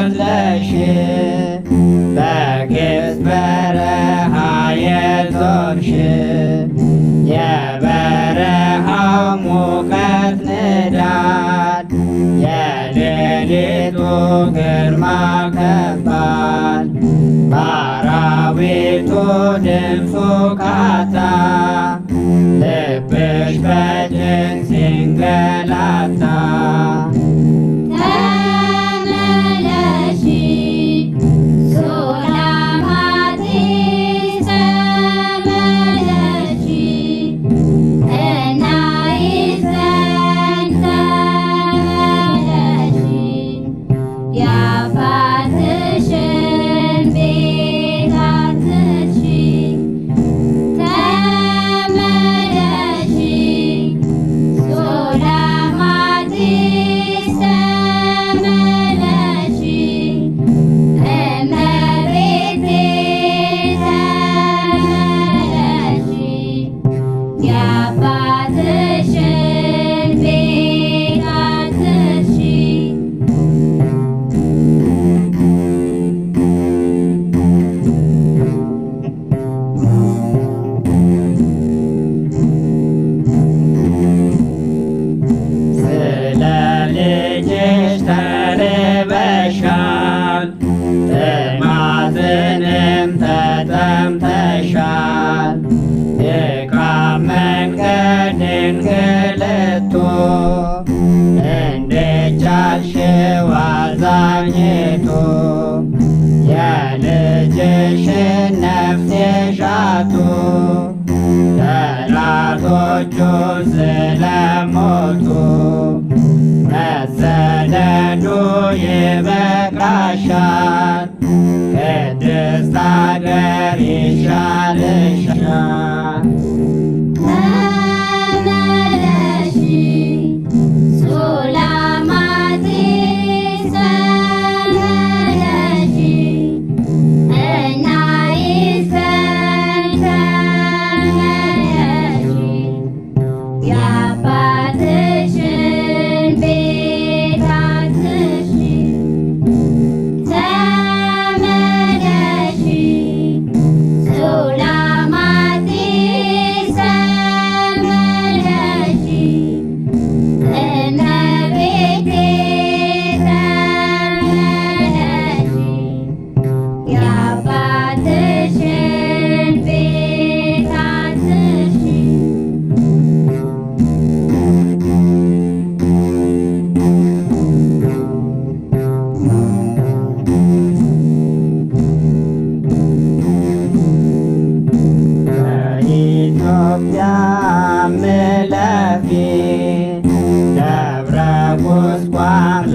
አለሽ በግብፅ በረሃ የዞርሽ የበረሃው ሙቀት ንዳድ የሌሊቱ ግርማ ከባድ ባራዊቱ ድምፁ ቃታ ልብሽ በድንቅ ሲንገላታ ይሻል ድካም መንገድን ክልቱ እንደቻልሽው አዛኝቱ የልጅሽን ነፍስ የሻቱ ጠላቶቹ ስለሞቱ መሰደዱ ይበቃሻል ቅድስት ሀገር ይሻልሻል በፊት ደብረ ቁስቋም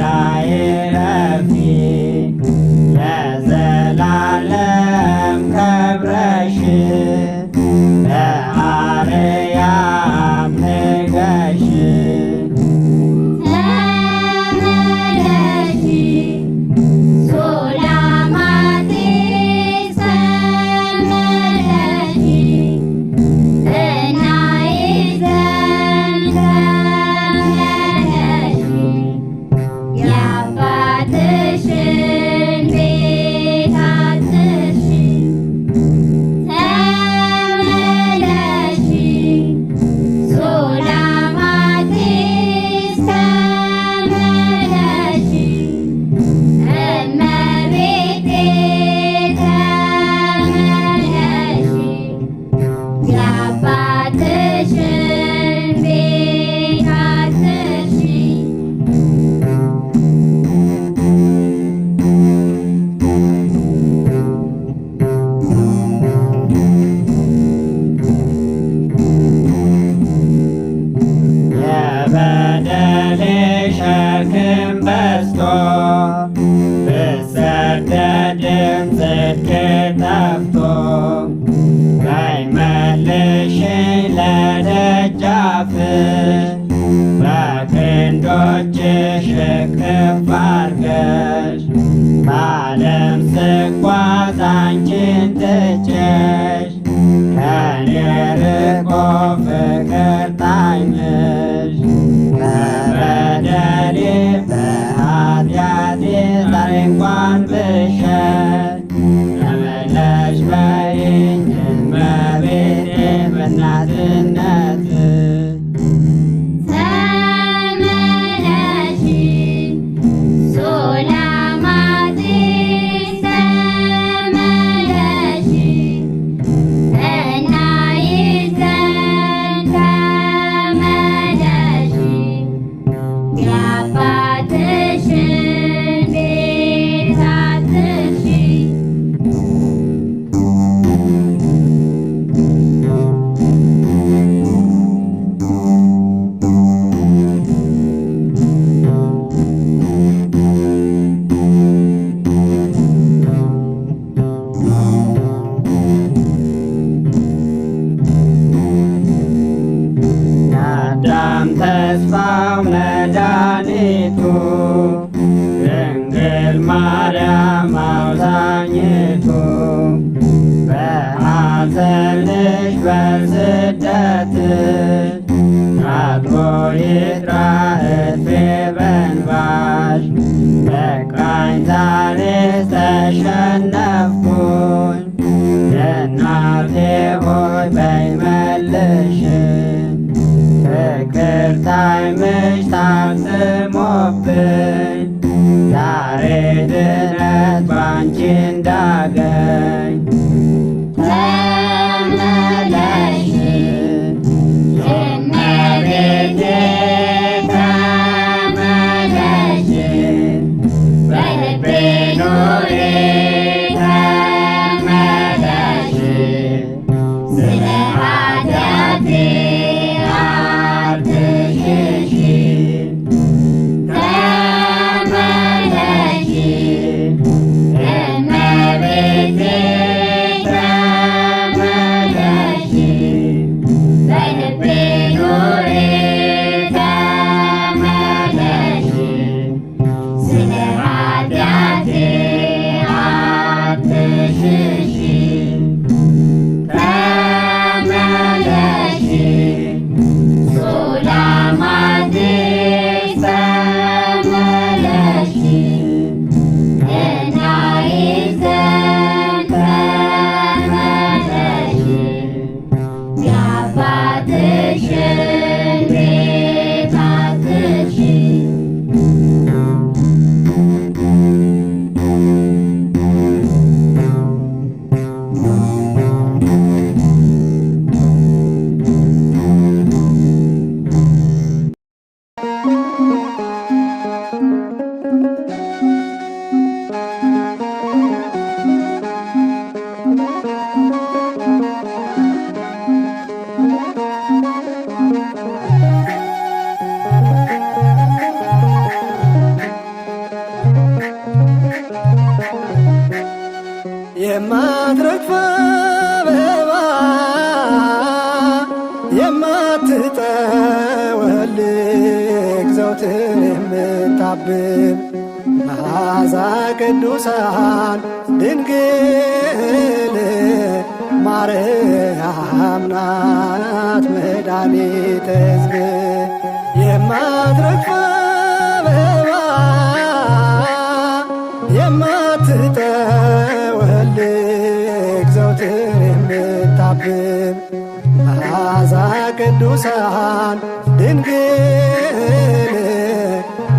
ቅዱሳን ድንግል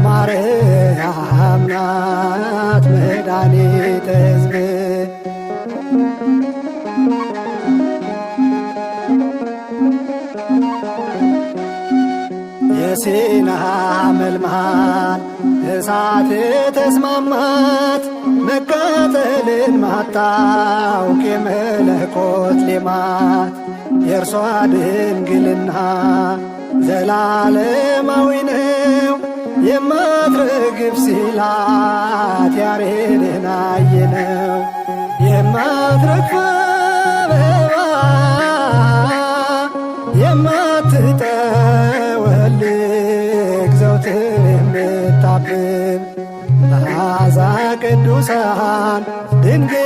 ማርያም ናት መድኃኒተ ሕዝብ የሲና መልማል እሳት ተስማማት መቃጠልን ማታውቅ የመለኮት ሌማት የእርሷ ድንግልና ዘላለማዊ ነው የማትረግብ ሲላት ያሬድን አየነው የማትረግብ አበባ የማትጠወልግ ዘውትር የምታብብ መዓዛ ቅዱሳን ድንግል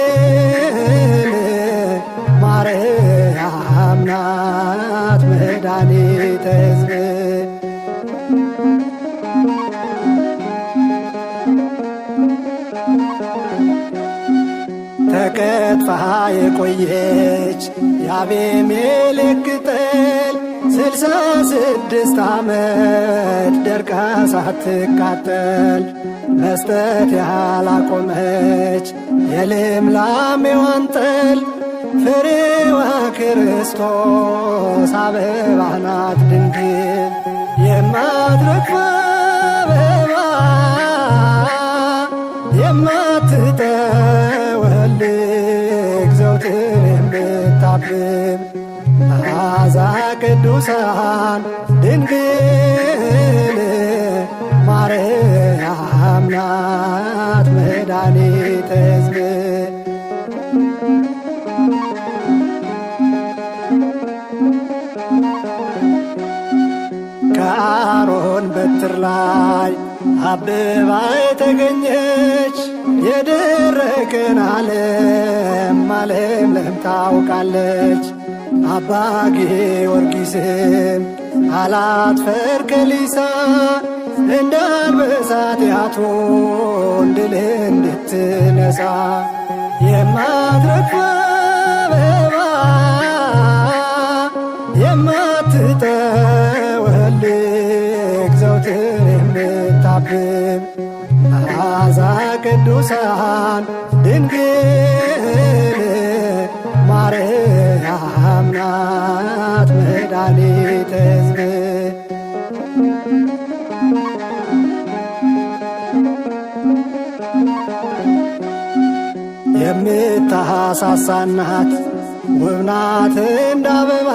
ከጥፋ የቆየች የአቤሜሌክ ቅጠል ስልሳ ስድስት ዓመት ደርቃ ሳትቃጠል መስጠት ያላቆመች የልምላሜዋን ጠል ፍሬዋ ክርስቶስ አበባ ናት ድንግል የማትረግፍ አበባ የማትጠ ቅዱሳን ድንግል ማርያም ናት መድኃኒተ ሕዝብ ከአሮን በትር ላይ አበባ የተገኘች የደረቀን ዓለም ማለምለም ታውቃለች። አባ ጊዮርጊስ አላት ከሊሳ እንደ አንበሳ ጢያቶን ድል እንድትነሳ የማትረግፍ አበባ የማትጠወልግ ዘውትር የምታብብ አዛ ቅዱሳን ድንግል ማረ ናት መድኃኒተ ሕዝብ የምታሳሳናት ውብናት እንዳበባ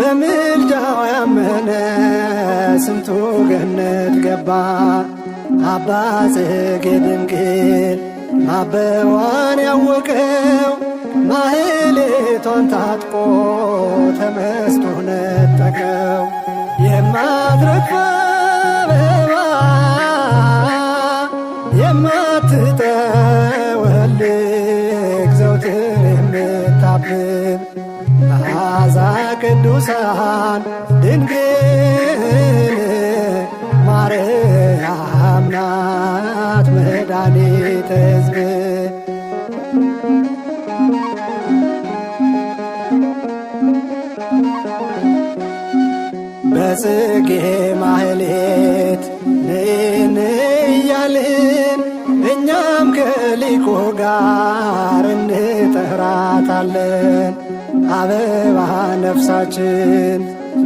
በምልጃው ያመነ ስንቱ ገነት ገባ። አባ ጽጌ ድንግል ማበዋን ያወቀው ማህሌቷን ታጥቆ ተመስጦ ነጠቀው የማትረግፍ ቅዱሳን ድንግል ማርያም ናት መድኃኒተ ሕዝብ ለጽጌ ማህሌት ንን እያልን እኛም ከሊቆ ጋር እንጠራታለን። አበባ ነፍሳችን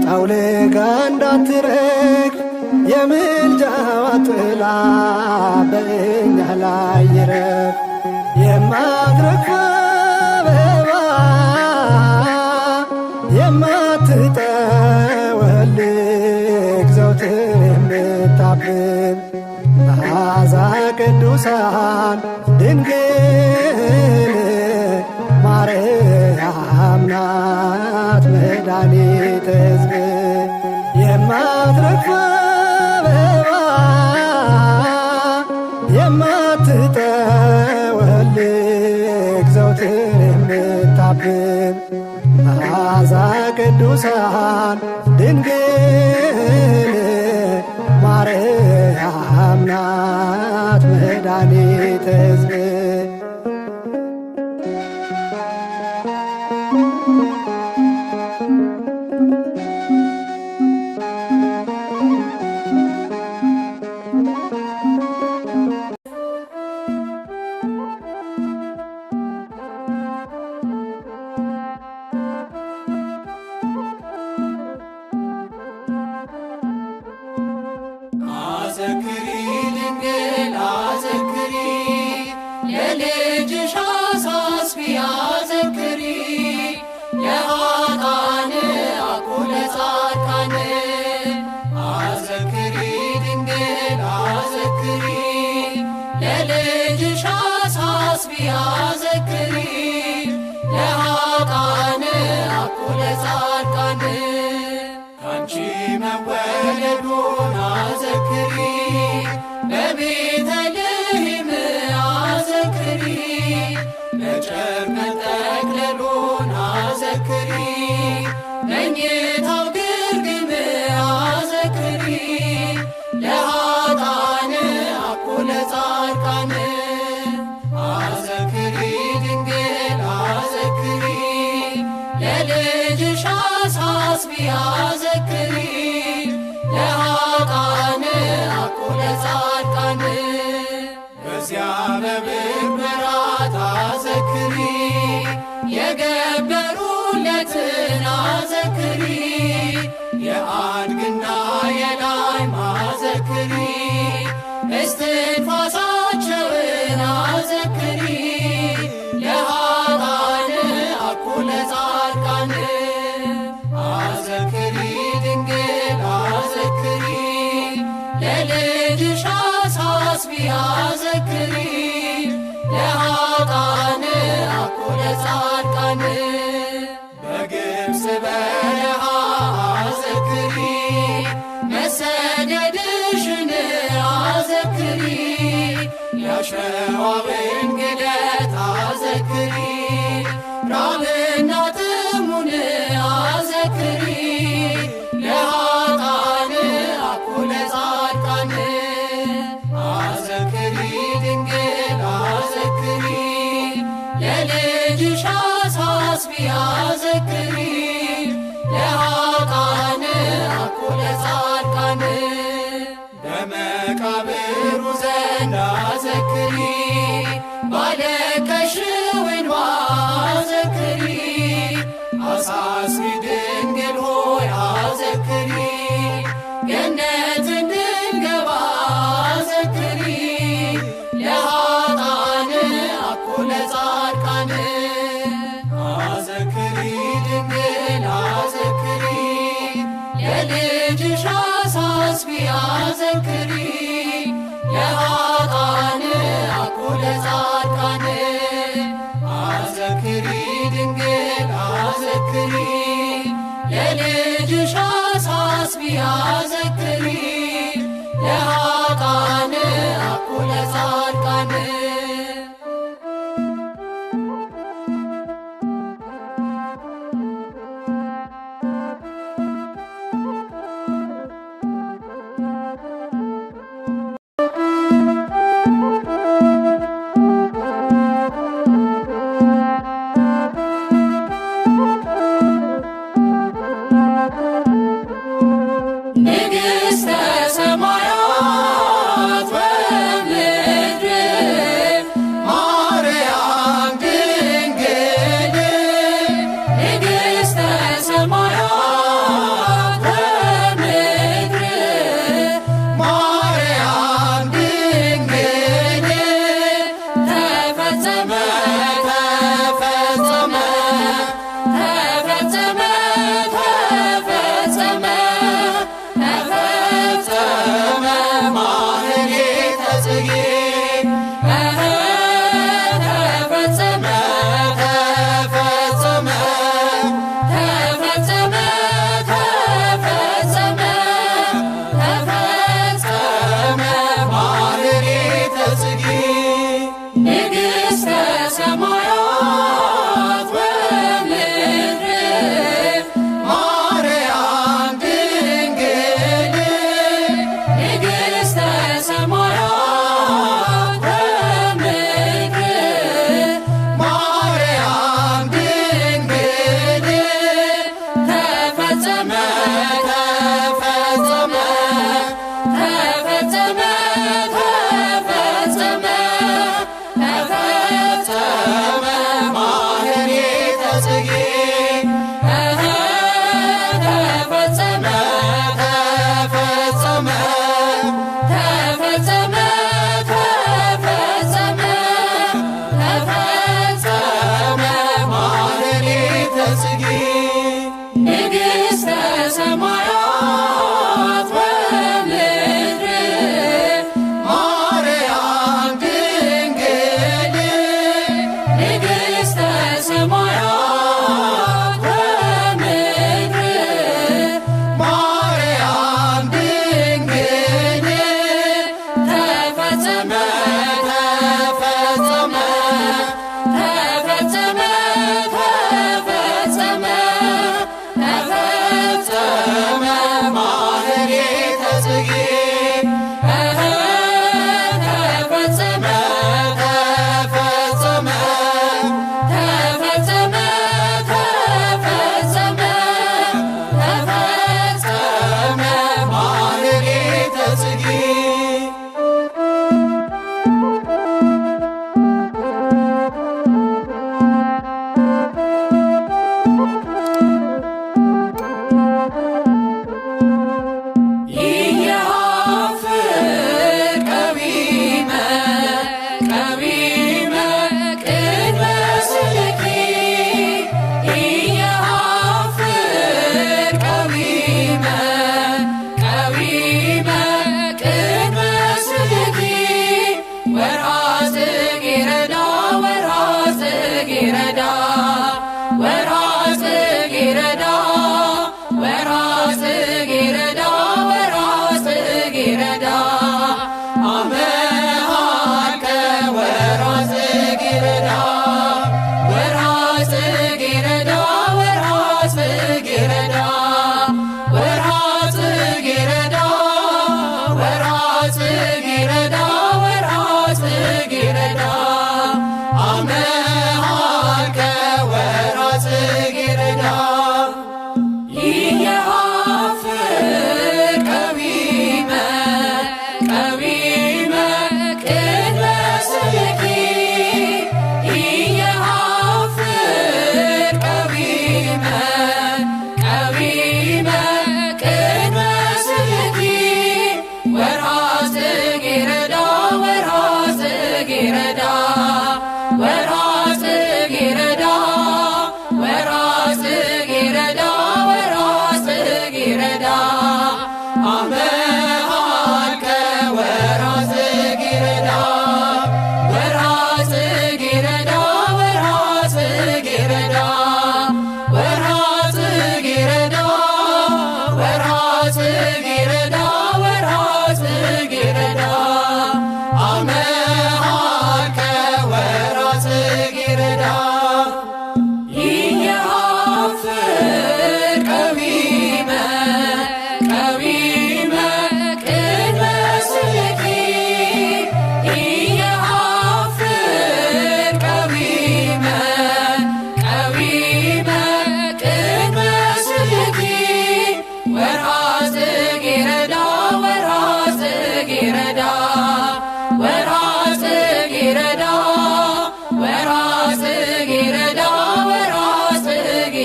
ጠውልጋ እንዳትረግ የምልጃዋ ጥላ በእኛ ላይ ይረፍ የማድረካ ቅዱሳን ድንግል ማርያም ናት መድኃኒተ ሕዝብ የማትረግፍ አበባ የማትጠወልግ ዘውትር የምታብብ መዓዛ ቅዱሳን አዘክሪ ድንግል አዘክሪ ለልጅሽ አሳስቢ አዘክሪ ለኃጥአን አቁለ ጻድቃን አዘክሪ ድንግል አዘክሪ ለልጅሽ አሳስቢ አዘክሪ ለኃጥአን አቁለ ጻድቃን ለጻድቃን አዘክሪ ድንግል ኪዳን በግብጽ በረሃ አዘክሪ መሰደድሽን አዘክሪ የሸዋብን ግደት አዘክሪ ዘክሪ ባለከሽውኗ ዘክሪ አሳስደ ያዘክሪ ለሃጣን አኩለ ጻድቃን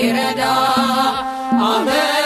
የሚረዳ አሜን።